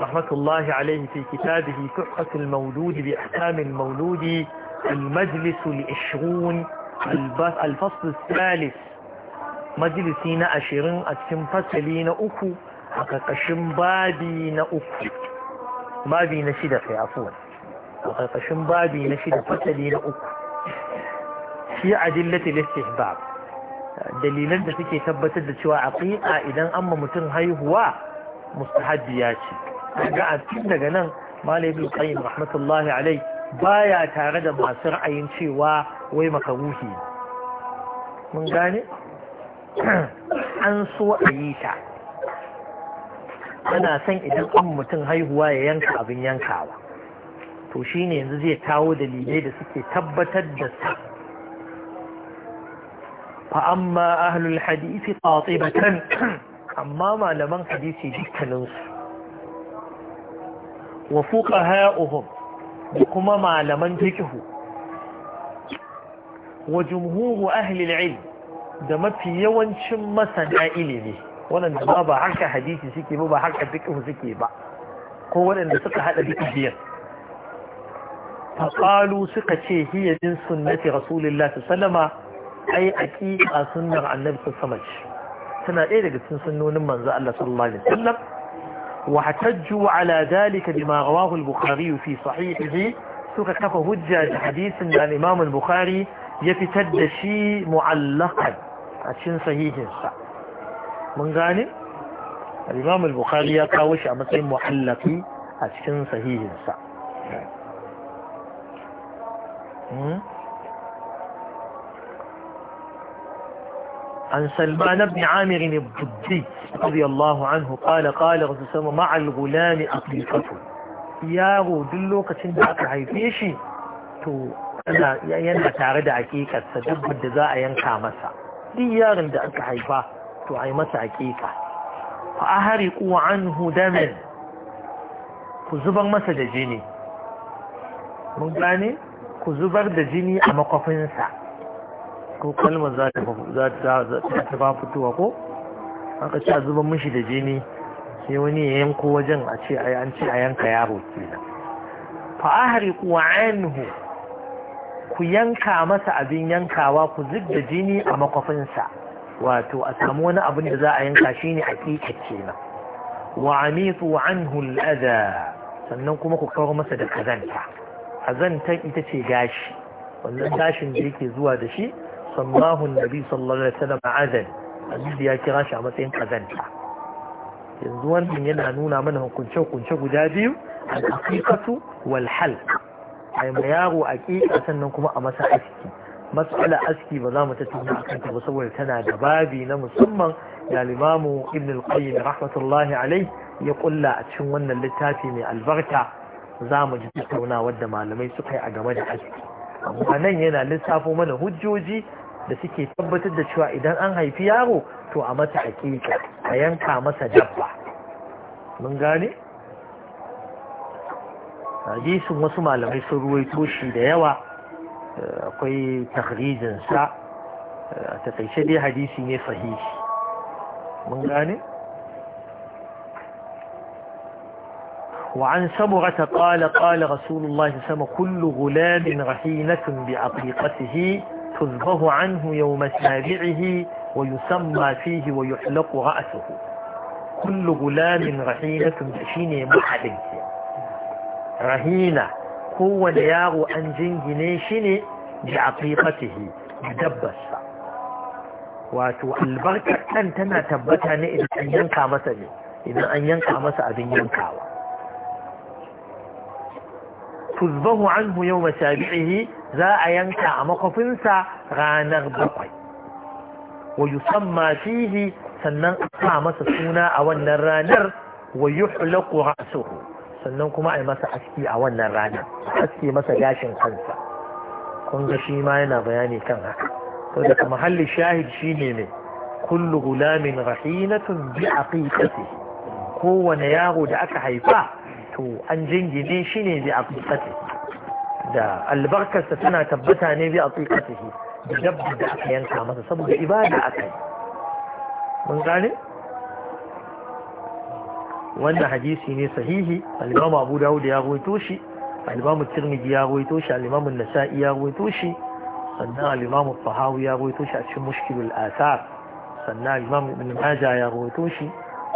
رحمة الله عليه في كتابه تحفة المولود بأحكام المولود المجلس الإشغون الفصل الثالث مجلسين أشرين أتشم فصلي نأكو أكاكشم بابي نأكو بابي نشد في عفوا أكاكشم بابي نشد فصلين أكو في أدلة الاستحباب dalilan da suke tabbatar da عقيقة إذا أما amma هو haihuwa ga a cikin daga nan malai bin rahmatullahi alai baya tare da masu ra'ayin cewa wai makaruhi mun gane an so a yi ta ana son idan an mutum haihuwa ya yanka abin yankawa to shine yanzu zai kawo dalilai da suke tabbatar da sa فأما أهل الحديث قاطبة Amma malaman hadisi حديثي wa fuqaha'uhum da kuma malaman fiqh wa jumhuru ahlil ilm da mafi yawancin masana ilimi waɗanda ba ba harka hadisi suke ba ba harka fiqh suke ba ko waɗanda suka hada fiqh biyar suka ce هي من سنة رسول الله صلى ai عليه وسلم أي أكيد سنة عن tana صلى daga عليه وسلم سنة إيه لقد سنة من واحتجوا على ذلك بما رواه البخاري في صحيحه سوك كف هجة حديث عن الإمام البخاري يفتد شيء معلقا أشين صحيح من غاني الإمام البخاري يقاوش أمسي محلقي أشين صحيح أشين عن سلمان بن عامر الضدي رضي الله عنه قال قال رسول الله مع الغلام أطلقته yaro duk lokacin da aka haife shi to yana tare da hakikarsa duk da za a yanka masa duk yaron da aka haifa to a masa hakika fa a hari kuwa an hudamin ku zubar masa da jini mun ku zubar da jini a makwafinsa ko kalmar za ta ba fitowa ko aka ce a zuban mishi da jini sai wani ya yanko wajen a ce an ce a yanka yaro kenan fa ahriqu ainihu ku yanka masa abin yankawa ku zub da jini a makwafinsa wato a samu wani abin da za a yanka shine hakika na. wa amitu anhu al sannan kuma ku kawo masa da kazanta kazanta ita ce gashi wannan gashin da yake zuwa da shi sammahu nabi sallallahu alaihi wasallam azan ya kira shi a matsayin kazanta yanzu wannan yana nuna mana hukunce hukunce guda biyu al-aqiqatu wal halq ai ma yaro aqiqa sannan kuma a masa aski mas'ala aski ba za mu tattauna akan ta ba saboda tana da babi na musamman da limamu ibn al-qayyim rahmatullahi alai ya kulla a cikin wannan littafi mai albarka za mu ji tattauna wadda malamai suka yi a game da aski amma nan yana lissafo mana hujjoji da suke tabbatar da cewa idan an haifi yaro to a mata aƙiƙa a yanka masa dabba mun gane hadisin wasu malamai sun ruwaito shi da yawa eh, akwai takrijinsa eh, a takaice dai hadisi ne sahihi mun gane وعن سمرة قال قال رسول الله صلى كل غلام رحينة تذبه عنه يوم سابعه ويسمى فيه ويحلق رأسه كل غلام رهينة شيني محلن رهينة هو لياغ أن جنجني بعقيقته بدبس wato albarkar ɗan tana tabbata ne idan an yanka masa ne idan an yanka masa abin yankawa tuzbahu anhu yau za a yanka a makwafinsa ranar bakwai wa yusamma fihi sannan a sa masa suna a wannan ranar wa yuhlaqu ra'suhu sannan kuma a yi masa aski a wannan ranar aski masa gashin kansa kun ga shi ma yana bayani kan haka to daga mahalli shahid shine ne kullu gulamin rahinatun bi aqiqati kowane yaro da aka haifa to an jingine shi ne bi aqiqati da albarkarsa tana tabbata ne bi a tsikatihi da dabba da aka yanka masa saboda ibada aka yi mun gane wannan hadisi ne sahihi al-imam abu dawud ya rawaito shi al-imam tirmidhi ya rawaito shi al-imam an-nasa'i ya rawaito shi sannan al-imam tahawi ya rawaito shi a cikin mushkilul asar sannan al-imam ibn majah ya rawaito shi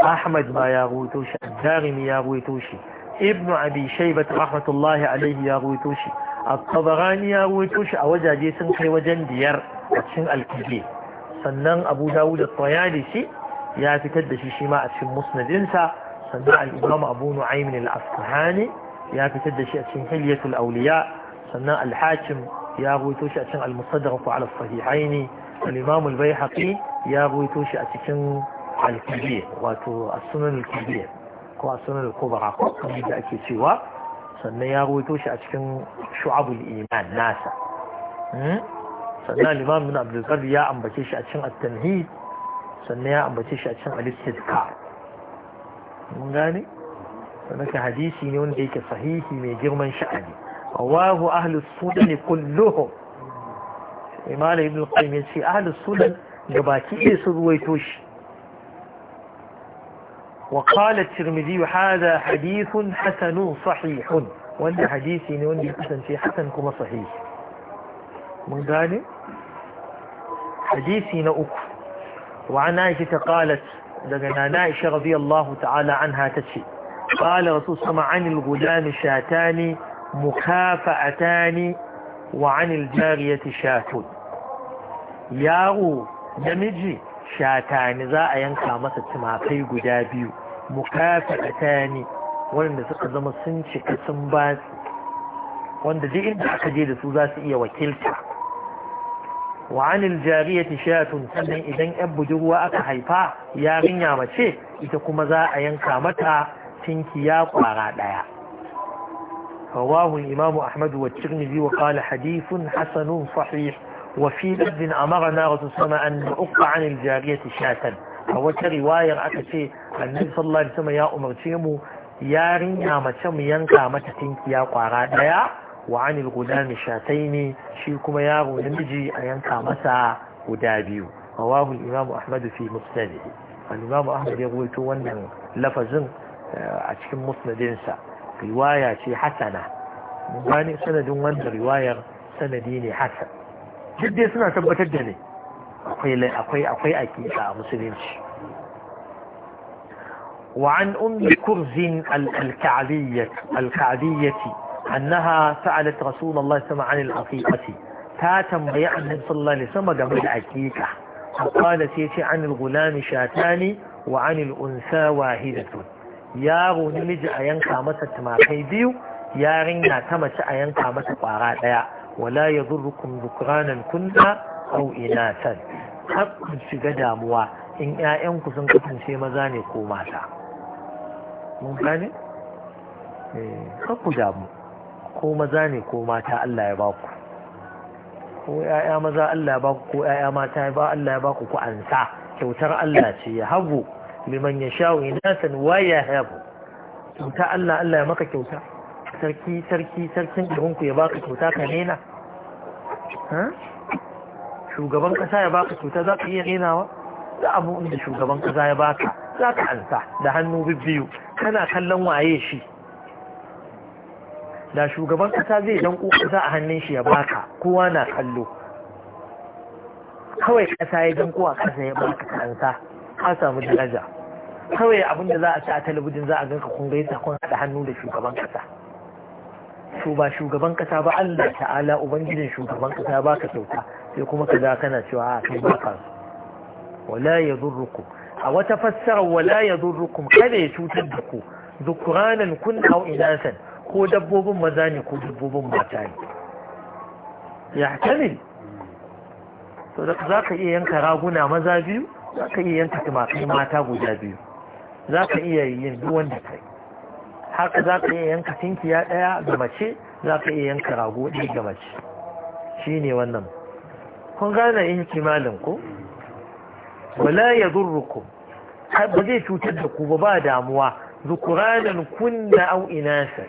ahmad ma ya rawaito shi ad-darimi ya rawaito shi ibn abi shaibat rahmatullahi alaihi ya ruwaito shi at-tabarani ya ruwaito shi a wajaje sun kai wajen biyar a cikin al sannan abu dawud at-tayalisi ya fitar da shi shi ma a cikin musnadinsa sannan al-imam abu nu'aym al-asfahani ya fitar da shi a cikin hilyatul awliya sannan al-hakim ya ruwaito shi a cikin al-musaddaq ala as-sahihaini al-imam al-baihaqi ya ruwaito shi a cikin al-kibi wato as-sunan al ko a sunan kubra ko kamar da ake cewa sannan ya rawaito shi a cikin shu'abul iman nasa hmm? sannan limam bin abdulkar ya ambace shi a cikin at-tanhid sannan ya ambace shi a cikin al-istidkar mun gane sannan ka hadisi ne wanda yake sahihi mai girman sha'ani rawahu ahli sudan kulluhum imam ibn qayyim ya ce ahli sudan gabaki ɗaya sun ruwaito shi وقال الترمذي هذا حديث حسن صحيح وان حديثي وان حسن في حسن كما صحيح من قال حديثي نأك وعن عائشة قالت لنا عائشة رضي الله تعالى عنها تشي قال رسول صلى عن الغلام شاتان مكافأتان وعن الجارية شات ياغو نمجي شاتان ذا ينكى مسا تمافي قدا بيو mukafaka ta ne wanda suka zama sun cika sun ba wanda duk inda aka je da su zasu iya wakilta wa anil jariya tishatun idan yan budurwa aka haifa yarinya mace ita kuma za a yanka mata tinkiya kwara daya rawahu imamu ahmad wa tirmidhi wa qala hadithun hasanun sahih wa fi amara na rasul sama an nuqta an al jariya tishatan a wata riwayar aka ce annabi sallallahu alaihi wasallam ya umarce mu yarinya mace mu yanka mata tinkiya kwara daya wa anil gudami shataini shi kuma yaro namiji a yanka masa guda biyu rawahu al-imam ahmad fi musnadih al-imam ahmad ya rawaito wannan lafazin eh, a cikin musnadinsa riwaya ce hasana bani sanadin wannan riwayar sanadi ne hasan duk dai suna tabbatar da ne akwai akwai akwai a musulunci وعن أم كرز الكعبية الكعبية أنها سألت رسول الله صلى الله عليه وسلم عن العقيقة تاتم بيع النبي صلى الله عليه وسلم قبل العقيقة فقال سيتي عن الغلام شاتان وعن الأنثى واحدة يا نمج أين كامت التماكي بيو يا رنا تمت أين كامت قارات ولا يضركم ذكرانا كنا أو إناثا حق سجد أموا إن أين كسن كسن سيما زاني كوماتا mun gane eh, ku damu ko maza ne ko mata Allah ya baku ko ƴaƴa maza Allah ya baku ko ƴaƴa mata ba Allah ya baku ku ansa kyautar Allah ce ya habu liman ya yasha'u inasan wa ya habu kyauta Allah Allah ya maka kyauta sarki sarki sarkin ku ya baka kyauta ka nena shugaban kasa ya baka kyauta za ka iya renawa da abu da shugaban kasa ya baka za ka ansa da hannu bibbiyu kana kallon waye shi da shugaban kasa zai dan kuka a hannun shi ya baka kowa na kallo kawai kasa ya dan kuwa kasa ya baka kansa ka samu daraja kawai abin da za a ci a talabijin za a ganka kun gaisa kun haɗa hannu da shugaban kasa to ba shugaban kasa ba Allah ta'ala ubangijin shugaban kasa baka kyauta sai kuma ka za kana cewa a kan baka wala yadurrukum a wata fassara, wala ya rukun kada ya cutar da ku zukuranan kun au inasan ko dabbobin maza ne ko dabbobin mata ne ya kamil to da za ka iya yanka raguna maza biyu za ka iya yanka tumakai mata guda biyu za ka iya yin duwan da kai haka za ka iya yanka tinkiya ɗaya ga mace za ka iya yanka rago ɗaya ga mace shi ne wannan kun gane ihtimalin ko wala ya zurruku ba zai cutar da ku ba ba damuwa Zukuranin kunna au inasa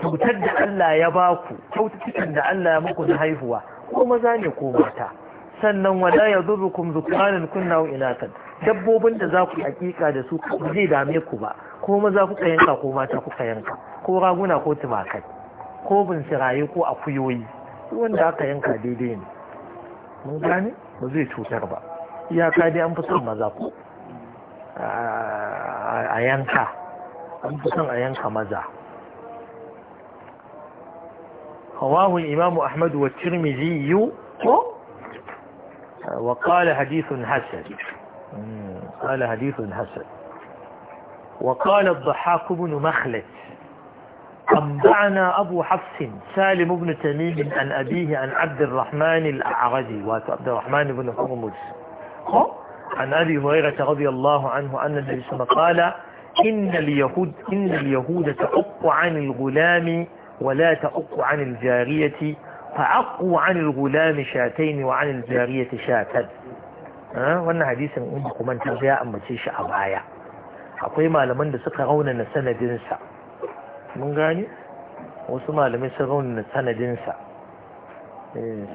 cutar da Allah ya ba ku kyaututtukan da Allah ya muku na haihuwa ko maza ne ko mata sannan wala ya zurrukum zukuranin kunna au inasa dabbobin da za ku yi hakika da su ba zai dame ku ba ko maza kuka yanka ko mata kuka yanka ko raguna ko tumakai ko binsiraye ko akuyoyi wanda aka yanka daidai ne mun gane ba zai cutar ba iyaka dai an fi son maza ko a yanka an fi son a yanka maza رواه الإمام أحمد والترمذي وقال حديث حسن قال حديث حسن وقال الضحاك بن مخلت أنبعنا أبو حفص سالم بن تميم عن أبيه عن عبد الرحمن الأعرجي وعبد الرحمن بن حرمز ko an abi hurairah radiyallahu anhu anna nabiy sallallahu qala inna al-yahud inna al-yahud ta'aqqu 'an al-ghulam wa la ta'aqqu 'an al-jariyati fa'aqqu shatan wannan hadisin in ku manta ya ambace shi a baya akwai malaman da suka raunana sanadinsa mun gane wasu malamai sun raunana sanadinsa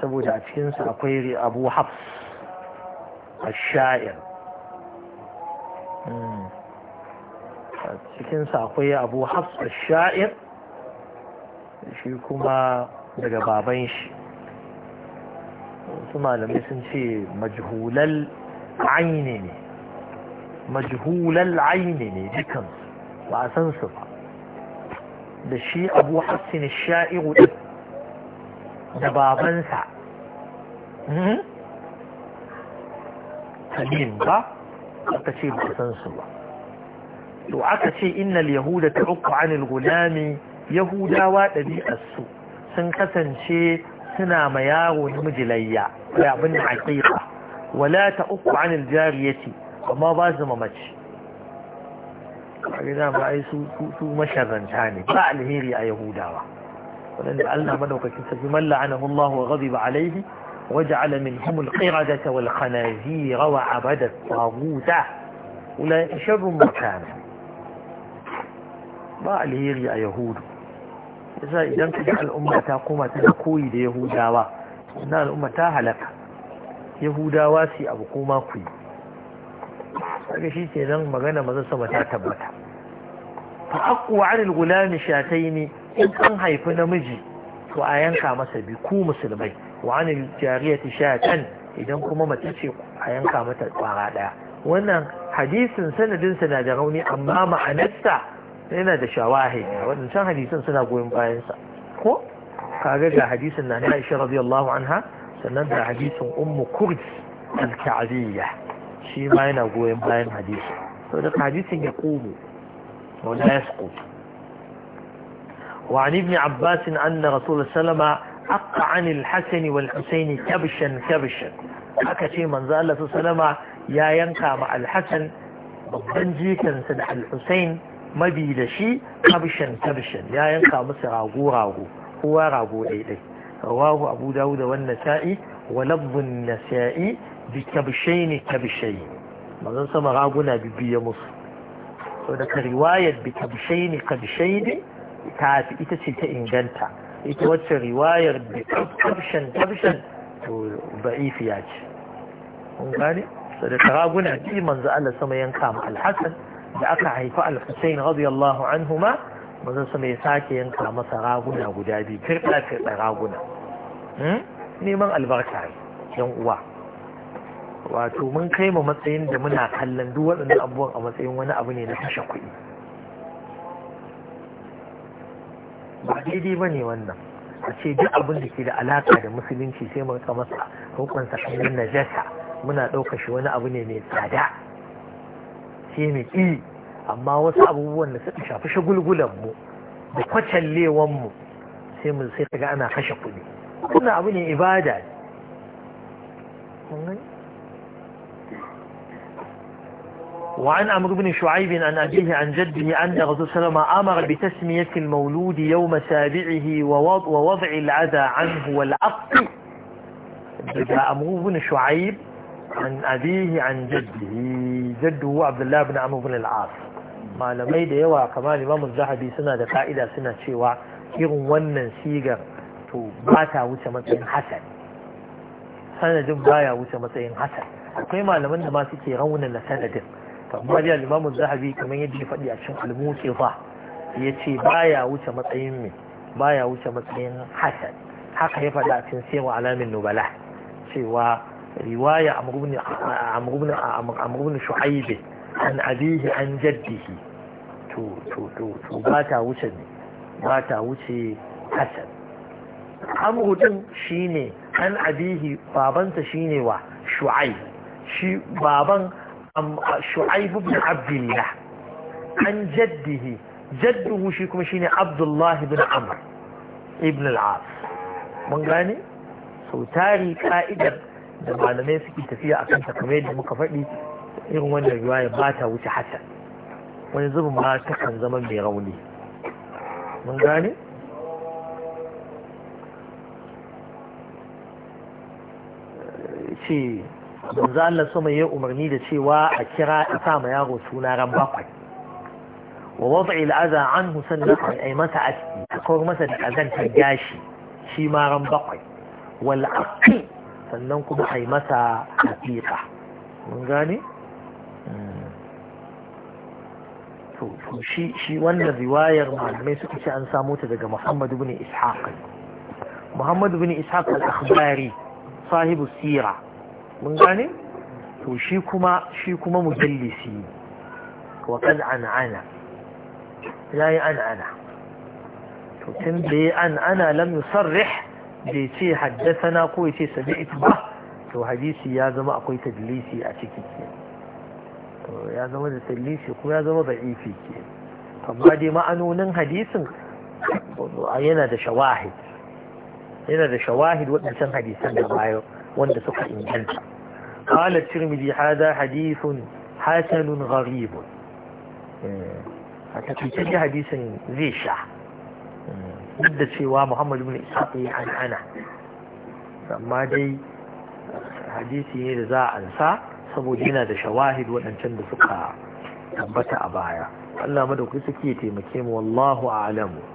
saboda a cikinsu akwai abu hafs الشاعر cikin akwai abu hafs sha'ir shi kuma daga baban shi wasu malamai sun ce majhulal aini ne majhulal aini ne dukansu ba a san su ba da shi abu hassin sha'iru da babansa salim ba aka ce ba san su ba to aka ce innal yahuda uku 'anil gulami yahudawa ɗabi'arsu sun kasance suna ma yaro namiji layya da abin da haƙiƙa wala ta'uqqa 'anil jariyati amma ba su ma mace kaga ba ai su su masharranta ne ba alheri a yahudawa wanda Allah madaukakin sarki mallana Allah wa ba alaihi وجعل منهم القردة والخنازير وعبد الطاغوت أولئك شر مكانا ba alheri a yahudu yasa idan ka ji al'umma ta koma ta koyi da yahudawa na al'umma ta halaka yahudawa su abu koma ku yi daga shi ke nan magana maza sama ta tabbata fa aqwa 'ala al-ghulam shatayn in an haifi namiji to a yanka masa bi ku musulmai wa ta sha can idan kuma mace ce a yanka mata kwara daya wannan hadisin sanadinsa na da rauni amma ma'anarsa yana da shawahi waɗancan hadisin suna goyon bayansa ko kaga ga hadisin na na Aisha radiyallahu anha sannan da hadisin Ummu Kurd al-Ka'biyya shi ma yana goyon bayan hadisi da hadisin ya kubu wa la yasqut وعن ابن عباس أن رسول الله حق عن الحسن والحسين كبشا كبشا حكى شيء من ذا الله سلام يا ينقى مع الحسن بطنجي كان سدح الحسين ما بيد شيء كبشا كبشا يا ينقى مصر راغو راغو هو راغو إلي رواه أبو داود والنسائي ولب النسائي بكبشين كبشين ما ننسى مغابنا ببيا مصر ودك رواية بكبشين كبشين تعافي إتسي تإنجنتا ita wacce riwayar da ƙafshen ƙafshen to ba'ifiya ce kun gane so da ji manzo Allah sama yanka ma alhassan da aka haifa alhussein radiyallahu anhuma manzo sama ya sake yanka masa raguna guda biyu firɗa firɗa raguna hmm? neman albarka yan uwa wato mun kai mu matsayin da muna kallon duk waɗannan abubuwan a matsayin wani abu ne na kashe kuɗi ba daidai ba ne wannan a ce duk abin da ke da alaka da musulunci sai mu rika masa hukunsa kamar jasa muna ɗaukar shi wani abu ne mai tsada sai mai ƙi amma wasu abubuwan da suka shafi shagulgulan mu da kwacallewan mu sai mu sai kaga ana kashe kuɗi wannan abu ne ibada وعن عمرو بن شعيب عن أبيه عن جده أن الرسول صلى الله عليه وسلم أمر بتسمية المولود يوم سابعه ووضع العذى عنه والعق عمرو بن شعيب عن أبيه عن جده جده هو عبد الله بن عمرو بن العاص ما لم يدى يوى كمان إمام الزهبي سنة دقائدة سنة شوى irin wannan sigar to ba ta wuce matsayin hasan sanadin baya wuce matsayin hasan akwai malaman da ma suke raunana sanadin to amma dai al zahabi kamar yadda ya faɗi a cikin al-Mutsifa yace baya wuce matsayin me baya wuce matsayin hasan haka ya faɗa a cikin sayyid alamin nubala cewa riwaya a ibn amr ibn shu'aib an abihi an jaddihi to to to to ba ta wuce ne ba ta wuce hasan amru shine an abihi babansa shine wa shu'aib shi baban shu'aib ibn abdullah an jaddihi jadduhu shi kuma shine abdullah ibn amr ibn al-as mun gane sau tari ka'idar da malamai suke tafiya akan ta kamar yadda muka faɗi irin wannan riwaya ba ta wuce hasan wani zubin ma ta kan zama mai rauni mun manzo Allah sama ya umarni da cewa a kira a sa ma yaro suna ran bakwai wa wada'i al'aza anhu sannan ai masa aski ko kawar masa da kazantar gashi shi ma ran bakwai wal aqi sannan kuma ai mata aqiqa mun gane to shi shi wannan riwayar malamai suka ce an samu ta daga Muhammad ibn Ishaq Muhammad ibn Ishaq al-Akhbari sahibu sirah mun gane to shi kuma shi kuma mujallisi wa kad an'ana yayi an'ana to tun da yayi an'ana lam yusarrih bai ce haddathana ko yace sami'tu ba to hadisi ya zama akwai tadlisi a ciki to ya zama da tadlisi ko ya zama da'ifi ke amma dai ma'anonin hadisin yana da shawahid yana da shawahid wadannan hadisan da bayan wanda suka inganta قال الترمذي هذا حديث hasanun غريب eh, a takaitaccen hadisin zai sha eh, duk cewa muhammad ibn ishaq ya hanana amma dai eh, hadisi ne da za a ansa saboda yana da shawahid waɗancan da suka tabbata a baya Allah madaukaki suke taimake mu wallahu a'lamu